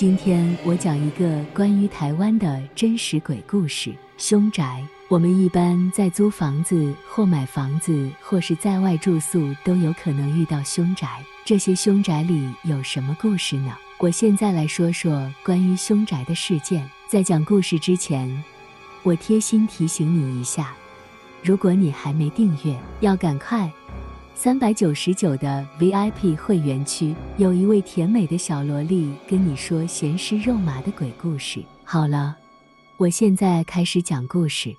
今天我講一個關於台灣的真實鬼故事——凶宅。我們一般在租房子、或買房子、或是在外住宿，都有可能遇到凶宅。這些凶宅裡有什麼故事呢？我現在來說說關於凶宅的事件。在講故事之前，我貼心提醒你一下，如果你還沒訂閱，要趕快。三百九十九的 VIP 會員區，有一位甜美的小蘿莉跟你說鹹濕肉麻的鬼故事。好了，我現在開始講故事。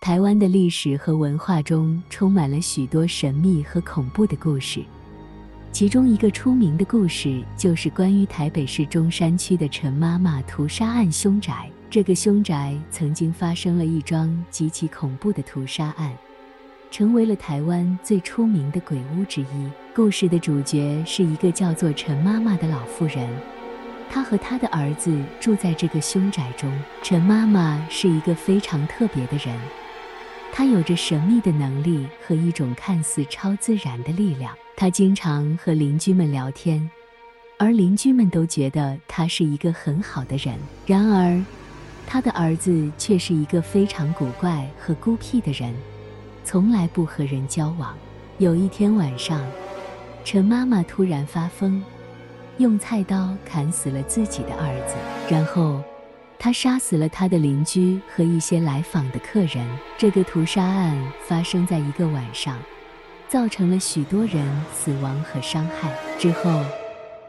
台灣的歷史和文化中充滿了許多神秘和恐怖的故事，其中一個出名的故事就是關於台北市中山區的陳媽媽屠殺案凶宅。這個凶宅曾經發生了一樁極其恐怖的屠殺案。成為了台灣最出名的鬼屋之一。故事的主角是一個叫做陳媽媽的老婦人，她和她的兒子住在這個凶宅中。陳媽媽是一個非常特別的人，她有着神秘的能力和一種看似超自然的力量。她經常和鄰居們聊天，而鄰居們都覺得她是一個很好的人。然而，她的兒子卻是一個非常古怪和孤僻的人。從來不和人交往。有一天晚上，陳媽媽突然發瘋，用菜刀砍死了自己的兒子，然後，他殺死了他的鄰居和一些來訪的客人。這個屠殺案發生在一個晚上，造成了許多人死亡和傷害。之後，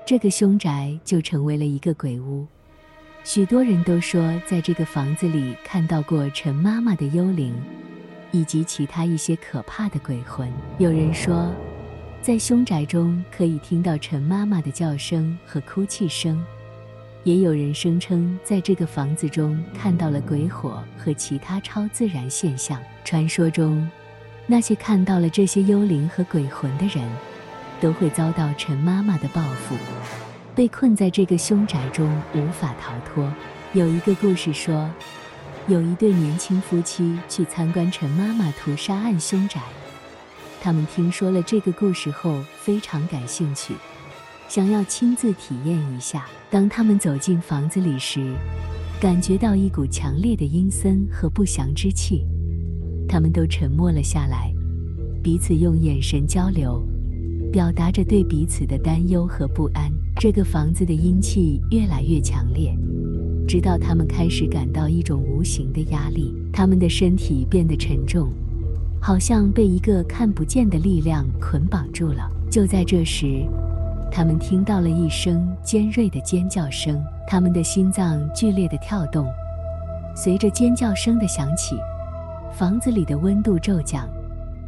這個凶宅就成為了一個鬼屋，許多人都說在這個房子裡看到過陳媽媽的幽靈。以及其他一些可怕的鬼魂。有人說，在凶宅中可以聽到陳媽媽的叫聲和哭泣聲，也有人聲稱在這個房子中看到了鬼火和其他超自然現象。傳說中，那些看到了這些幽靈和鬼魂的人，都會遭到陳媽媽的報復，被困在這個凶宅中無法逃脫。有一個故事說：有一對年輕夫妻去參觀陳媽媽屠殺案凶宅，他們聽說了這個故事後非常感興趣，想要親自體驗一下。當他們走進房子裡時，感覺到一股強烈的陰森和不祥之氣，他們都沉默了下來，彼此用眼神交流，表達着對彼此的擔憂和不安。這個房子的陰氣越來越強烈。直到他們開始感到一種無形的壓力，他們的身體變得沉重，好像被一個看不見的力量捆綁住了。就在這時，他們聽到了一聲尖銳的尖叫聲，他們的心臟劇烈地跳動。隨着尖叫聲的響起，房子裡的溫度驟降，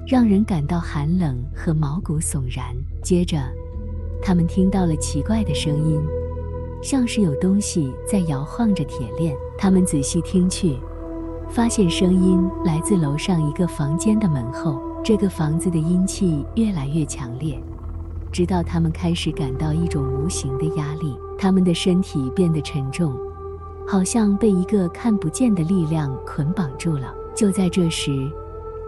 讓人感到寒冷和毛骨悚然。接着，他們聽到了奇怪的聲音。像是有東西在搖晃着鐵鏈。他們仔細聽去，發現聲音來自樓上一個房間的門後。這個房子的陰氣越來越強烈，直到他們開始感到一種無形的壓力，他們的身體變得沉重，好像被一個看不見的力量捆綁住了。就在這時，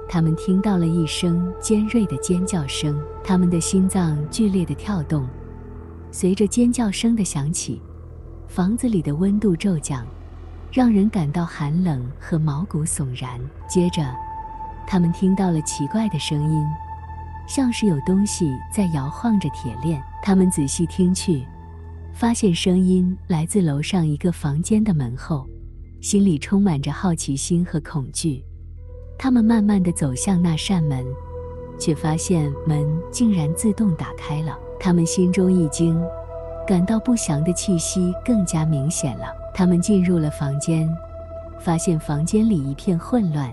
他們聽到了一聲尖銳的尖叫聲，他們的心臟劇烈地跳動。隨着尖叫聲的響起，房子裡的溫度驟降，讓人感到寒冷和毛骨悚然。接着，他們聽到了奇怪的聲音，像是有東西在搖晃着鐵鏈。他們仔細聽去，發現聲音來自樓上一個房間的門後，心裡充滿着好奇心和恐懼。他們慢慢地走向那扇門。卻發現門竟然自動打開了。他們心中一驚，感到不祥的氣息更加明顯了。他們進入了房間，發現房間裡一片混亂，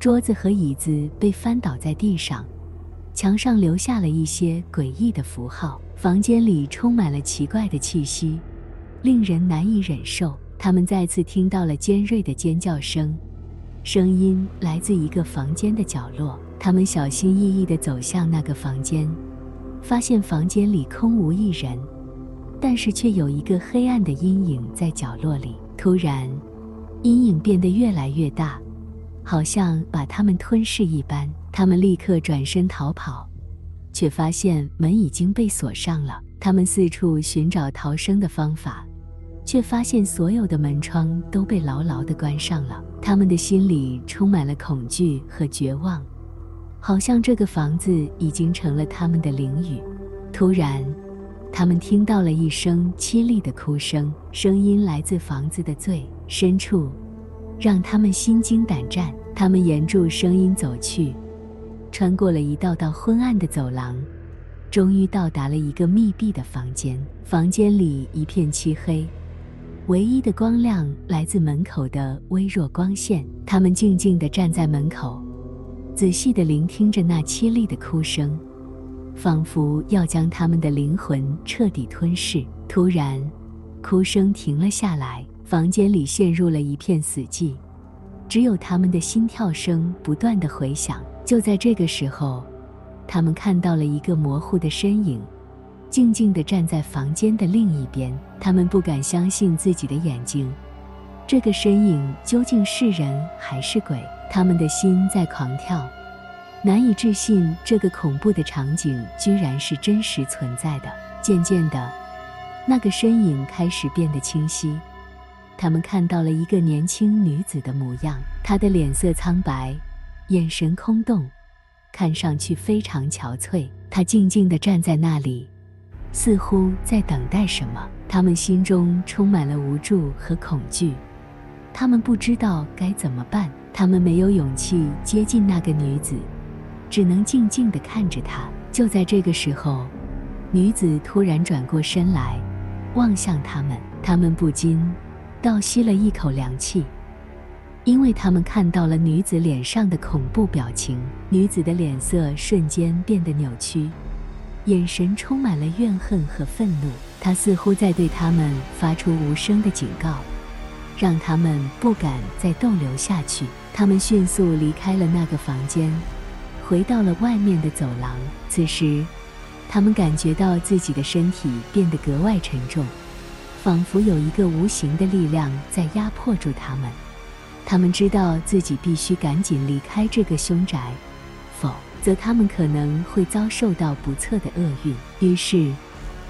桌子和椅子被翻倒在地上，牆上留下了一些詭異的符號。房間裡充滿了奇怪的氣息，令人難以忍受。他們再次聽到了尖銳的尖叫聲，聲音來自一個房間的角落。他們小心翼翼地走向那個房間，發現房間裡空無一人，但是卻有一個黑暗的陰影在角落裡。突然，陰影變得越來越大，好像把他們吞噬一般。他們立刻轉身逃跑，卻發現門已經被鎖上了。他們四處尋找逃生的方法，卻發現所有的門窗都被牢牢地關上了。他們的心裡充滿了恐懼和絕望。好像這個房子已經成了他們的囹圄。突然，他們聽到了一聲淒厲的哭聲，聲音來自房子的最深處，讓他們心驚膽戰。他們沿着聲音走去，穿過了一道道昏暗的走廊，終於到達了一個密閉的房間。房間裡一片漆黑，唯一的光亮來自門口的微弱光線。他們靜靜地站在門口。仔細的聆聽着那淒厲的哭聲，仿佛要將他們的靈魂徹底吞噬。突然，哭聲停了下來，房間裡陷入了一片死寂，只有他們的心跳聲不斷的回響。就在這個時候，他們看到了一個模糊的身影，靜靜地站在房間的另一邊。他們不敢相信自己的眼睛，這個身影究竟是人還是鬼？他們的心在狂跳，難以置信這個恐怖的場景居然是真實存在的。漸漸的，那個身影開始變得清晰，他們看到了一個年輕女子的模樣。她的臉色蒼白，眼神空洞，看上去非常憔悴。她靜靜地站在那裡，似乎在等待什麼。他們心中充滿了無助和恐懼，他們不知道該怎麼辦。他們沒有勇氣接近那個女子，只能靜靜地看着她。就在這個時候，女子突然轉過身來，望向他們。他們不禁倒吸了一口涼氣，因為他們看到了女子臉上的恐怖表情。女子的臉色瞬間變得扭曲，眼神充滿了怨恨和憤怒。她似乎在對他們發出無聲的警告，讓他們不敢再逗留下去。他們迅速離開了那個房間，回到了外面的走廊。此時，他們感覺到自己的身體變得格外沉重，仿佛有一個無形的力量在壓迫住他們。他們知道自己必須趕緊離開這個凶宅，否則他們可能會遭受到不測的厄運。於是，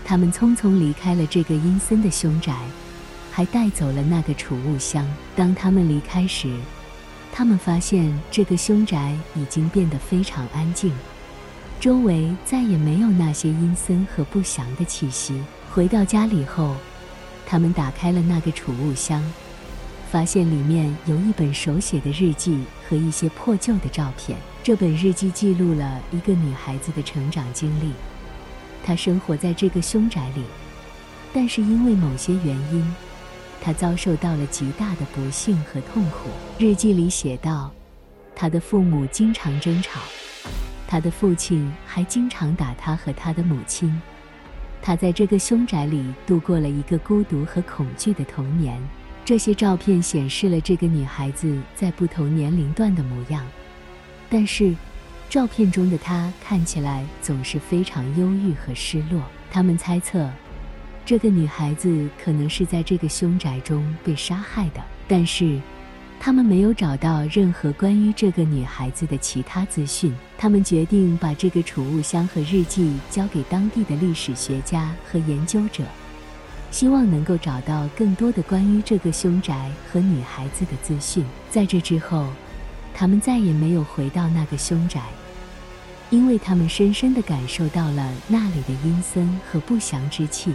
他們匆匆離開了這個陰森的凶宅，還帶走了那個儲物箱。當他們離開時，他們發現這個凶宅已經變得非常安靜，周圍再也沒有那些陰森和不祥的氣息。回到家裡後，他們打開了那個儲物箱，發現裡面有一本手寫的日記和一些破舊的照片。這本日記記錄了一個女孩子的成長經歷，她生活在這個凶宅裡，但是因為某些原因。他遭受到了極大的不幸和痛苦。日記裡寫道：“他的父母經常爭吵，他的父親還經常打他和他的母親。”他在這個凶宅裡度過了一個孤獨和恐懼的童年。這些照片顯示了這個女孩子在不同年齡段的模樣，但是照片中的她看起來總是非常憂鬱和失落。他們猜測。這個女孩子可能是在這個凶宅中被殺害的，但是他們沒有找到任何關於這個女孩子的其他資訊。他們決定把這個儲物箱和日記交給當地的歷史學家和研究者，希望能夠找到更多的關於這個凶宅和女孩子的資訊。在這之後，他們再也沒有回到那個凶宅，因為他們深深的感受到了那裡的陰森和不祥之氣。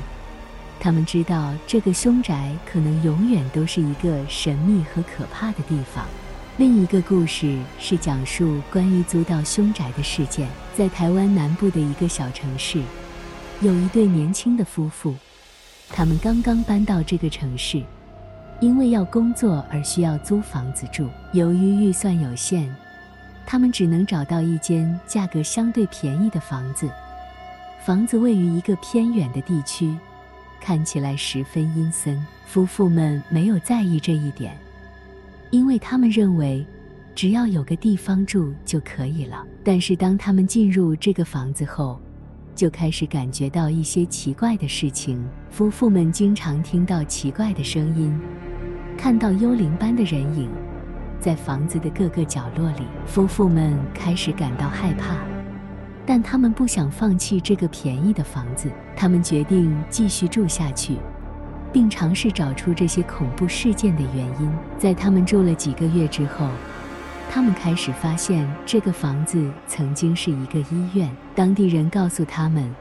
他們知道這個凶宅可能永遠都是一個神秘和可怕的地方。另一個故事是講述關於租到凶宅的事件。在台灣南部的一個小城市，有一對年輕的夫婦，他們剛剛搬到這個城市，因為要工作而需要租房子住。由於預算有限，他們只能找到一間價格相對便宜的房子。房子位於一個偏遠的地區。看起來十分陰森，夫婦們沒有在意這一點，因為他們認為只要有個地方住就可以了。但是當他們進入這個房子後，就開始感覺到一些奇怪的事情。夫婦們經常聽到奇怪的聲音，看到幽靈般的人影，在房子的各個角落裡。夫婦們開始感到害怕。但他們不想放棄這個便宜的房子，他們決定繼續住下去，並嘗試找出這些恐怖事件的原因。在他們住了幾個月之後，他們開始發現這個房子曾經是一個醫院。當地人告訴他們，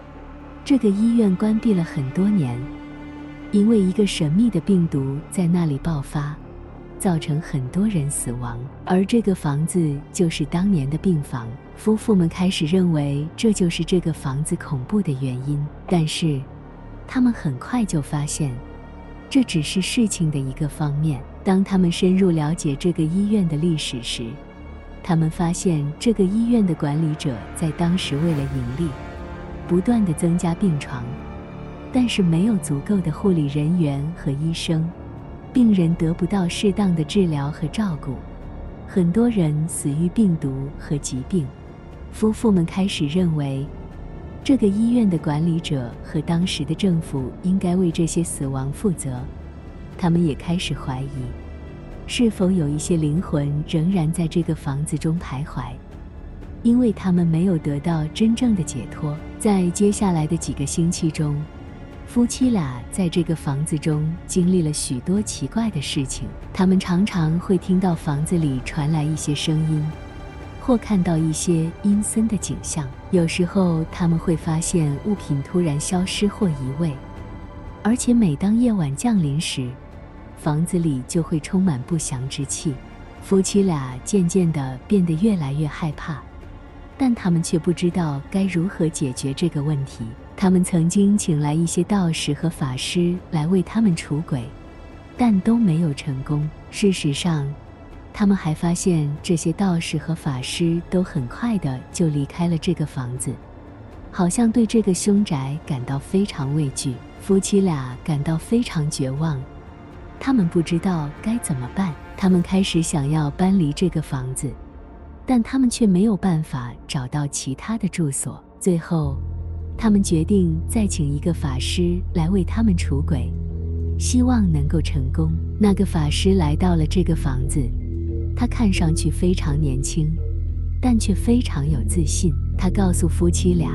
這個醫院關閉了很多年，因為一個神秘的病毒在那裡爆發。造成很多人死亡，而這個房子就是當年的病房。夫婦們開始認為這就是這個房子恐怖的原因，但是他們很快就發現，這只是事情的一個方面。當他們深入了解這個醫院的歷史時，他們發現這個醫院的管理者在當時為了盈利，不斷地增加病床，但是沒有足夠的護理人員和醫生。病人得不到適當的治療和照顧，很多人死於病毒和疾病。夫婦們開始認為，這個醫院的管理者和當時的政府應該為這些死亡負責。他們也開始懷疑，是否有一些靈魂仍然在這個房子中徘徊，因為他們沒有得到真正的解脫。在接下來的幾個星期中，夫妻倆在這個房子中經歷了許多奇怪的事情。他們常常會聽到房子裡傳來一些聲音，或看到一些陰森的景象。有時候，他們會發現物品突然消失或移位。而且，每當夜晚降臨時，房子裡就會充滿不祥之氣。夫妻倆漸漸地變得越來越害怕，但他們卻不知道該如何解決這個問題。他們曾經請來一些道士和法師來為他們除鬼，但都沒有成功。事實上，他們還發現這些道士和法師都很快地就離開了這個房子，好像對這個凶宅感到非常畏懼。夫妻倆感到非常絕望，他們不知道該怎麼辦。他們開始想要搬離這個房子，但他們卻沒有辦法找到其他的住所。最後，他們決定再請一個法師來為他們除鬼，希望能夠成功。那個法師來到了這個房子，他看上去非常年輕，但卻非常有自信。他告訴夫妻倆，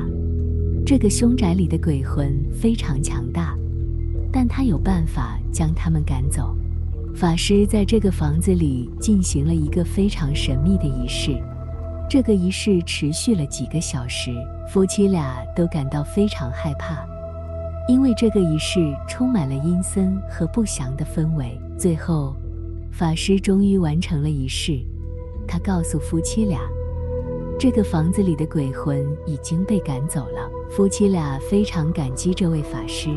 這個凶宅裡的鬼魂非常強大，但他有辦法將他們趕走。法師在這個房子裡進行了一個非常神秘的儀式。這個儀式持續了幾個小時，夫妻倆都感到非常害怕，因為這個儀式充滿了陰森和不祥的氛圍。最後，法師終於完成了儀式，他告訴夫妻倆，這個房子裡的鬼魂已經被趕走了。夫妻倆非常感激這位法師，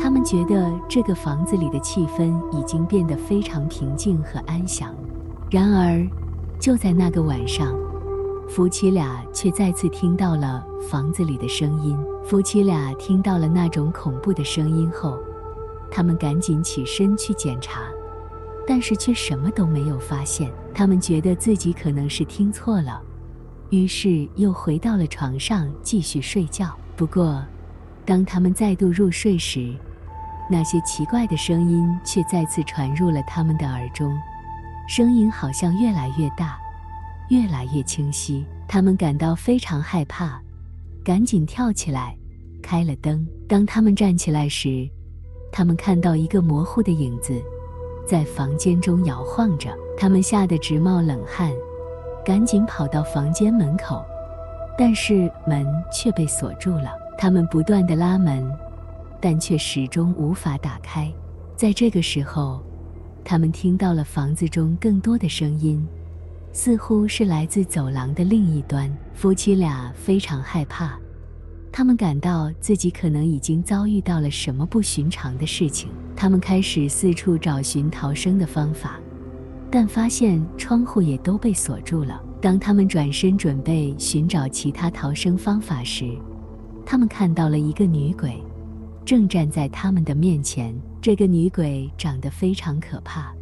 他們覺得這個房子裡的氣氛已經變得非常平靜和安詳。然而，就在那個晚上，夫妻倆卻再次聽到了房子裡的聲音。夫妻倆聽到了那種恐怖的聲音後，他們趕緊起身去檢查，但是卻什麼都沒有發現。他們覺得自己可能是聽錯了，於是又回到了床上繼續睡覺。不過，當他們再度入睡時，那些奇怪的聲音卻再次傳入了他們的耳中，聲音好像越來越大。越來越清晰，他們感到非常害怕，趕緊跳起來，開了燈。當他們站起來時，他們看到一個模糊的影子在房間中搖晃着，他們嚇得直冒冷汗，趕緊跑到房間門口，但是門卻被鎖住了。他們不斷地拉門，但卻始終無法打開。在這個時候，他們聽到了房子中更多的聲音。似乎是來自走廊的另一端，夫妻倆非常害怕，他們感到自己可能已經遭遇到了什麼不尋常的事情。他們開始四處找尋逃生的方法，但發現窗戶也都被鎖住了。當他們轉身準備尋找其他逃生方法時，他們看到了一個女鬼，正站在他們的面前。這個女鬼長得非常可怕，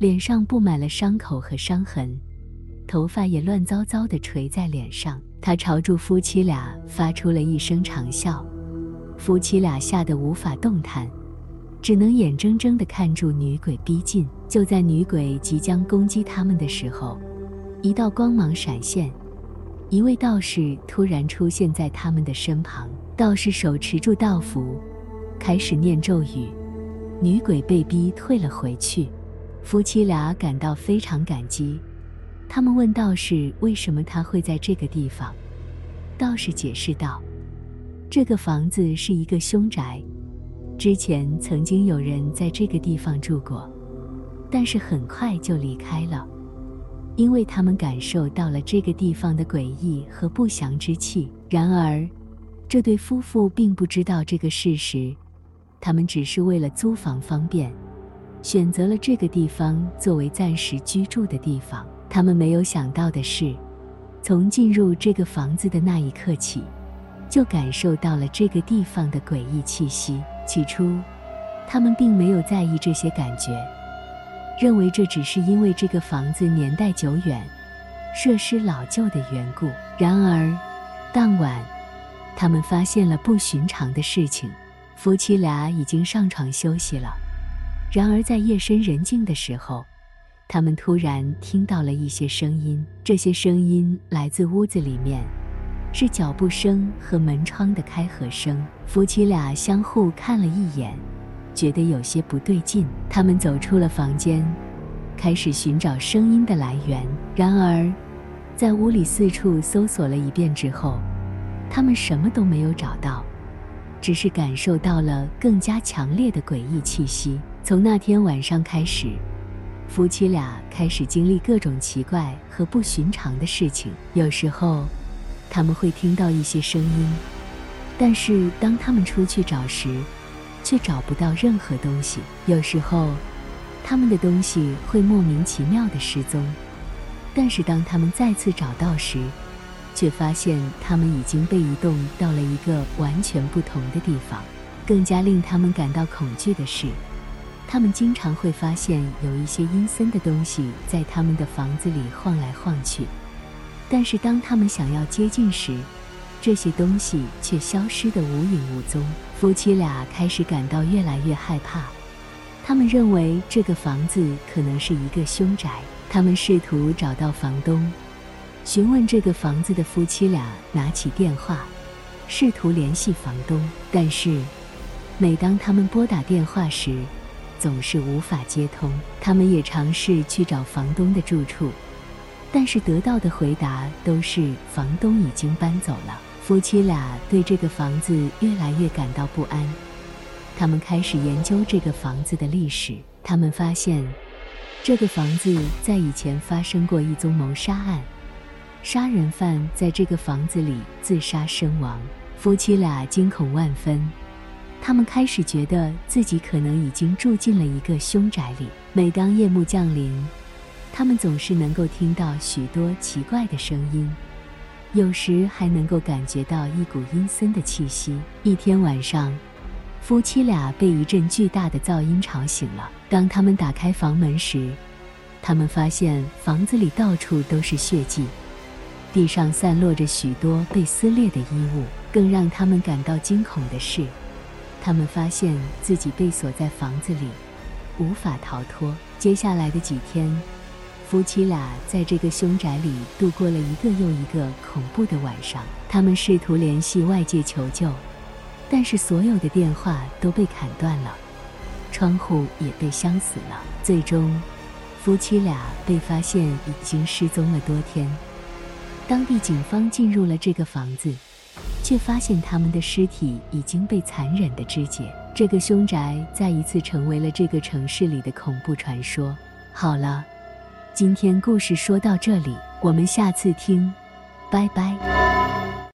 臉上佈滿了傷口和傷痕。頭髮也亂糟糟地垂在臉上，他朝著夫妻倆發出了一聲長嘯，夫妻倆嚇得無法動彈，只能眼睜睜地看住女鬼逼近。就在女鬼即將攻擊他們的時候，一道光芒閃現，一位道士突然出現在他們的身旁。道士手持住道符，開始念咒語，女鬼被逼退了回去。夫妻倆感到非常感激。他們問道士：“為什麼他會在這個地方？”道士解釋道：“這個房子是一個凶宅，之前曾經有人在這個地方住過，但是很快就離開了，因為他們感受到了這個地方的詭異和不祥之氣。”然而，這對夫婦並不知道這個事實，他們只是為了租房方便，選擇了這個地方作為暫時居住的地方。他們沒有想到的是，從進入這個房子的那一刻起，就感受到了這個地方的詭異氣息。起初，他們並沒有在意這些感覺，認為這只是因為這個房子年代久遠、設施老舊的緣故。然而，當晚，他們發現了不尋常的事情，夫妻倆已經上床休息了。然而，在夜深人靜的時候，他們突然聽到了一些聲音，這些聲音來自屋子裡面，是腳步聲和門窗的開合聲。夫妻倆相互看了一眼，覺得有些不對勁。他們走出了房間，開始尋找聲音的來源。然而，在屋裡四處搜索了一遍之後，他們什麼都沒有找到，只是感受到了更加強烈的詭異氣息。從那天晚上開始，夫妻倆開始經歷各種奇怪和不尋常的事情。有時候，他們會聽到一些聲音，但是當他們出去找時，卻找不到任何東西。有時候，他們的東西會莫名其妙的失蹤，但是當他們再次找到時，卻發現他們已經被移動到了一個完全不同的地方。更加令他們感到恐懼的是，他們經常會發現有一些陰森的東西在他們的房子裡晃來晃去，但是當他們想要接近時，這些東西卻消失得無影無蹤。夫妻倆開始感到越來越害怕，他們認為這個房子可能是一個兇宅。他們試圖找到房東，詢問這個房子的夫妻倆拿起電話，試圖聯繫房東，但是每當他們撥打電話時，總是無法接通，他們也嘗試去找房東的住處，但是得到的回答都是房東已經搬走了。夫妻倆對這個房子越來越感到不安，他們開始研究這個房子的歷史。他們發現，這個房子在以前發生過一宗謀殺案，殺人犯在這個房子裡自殺身亡。夫妻倆驚恐萬分。他們開始覺得自己可能已經住進了一個凶宅裡。每當夜幕降臨，他們總是能夠聽到許多奇怪的聲音，有時還能夠感覺到一股陰森的氣息。一天晚上，夫妻倆被一陣巨大的噪音吵醒了。當他們打開房門時，他們發現房子裡到處都是血跡，地上散落着許多被撕裂的衣物。更讓他們感到驚恐的是。他們發現自己被鎖在房子裡，無法逃脫。接下來的幾天，夫妻倆在這個凶宅裡度過了一個又一個恐怖的晚上。他們試圖聯繫外界求救，但是所有的電話都被砍斷了，窗戶也被封死了。最終，夫妻倆被發現已經失蹤了多天。當地警方進入了這個房子。卻發現他們的屍體已經被殘忍的肢解，這個凶宅再一次成為了這個城市裡的恐怖傳說。好了，今天故事說到這裡，我們下次聽，拜拜。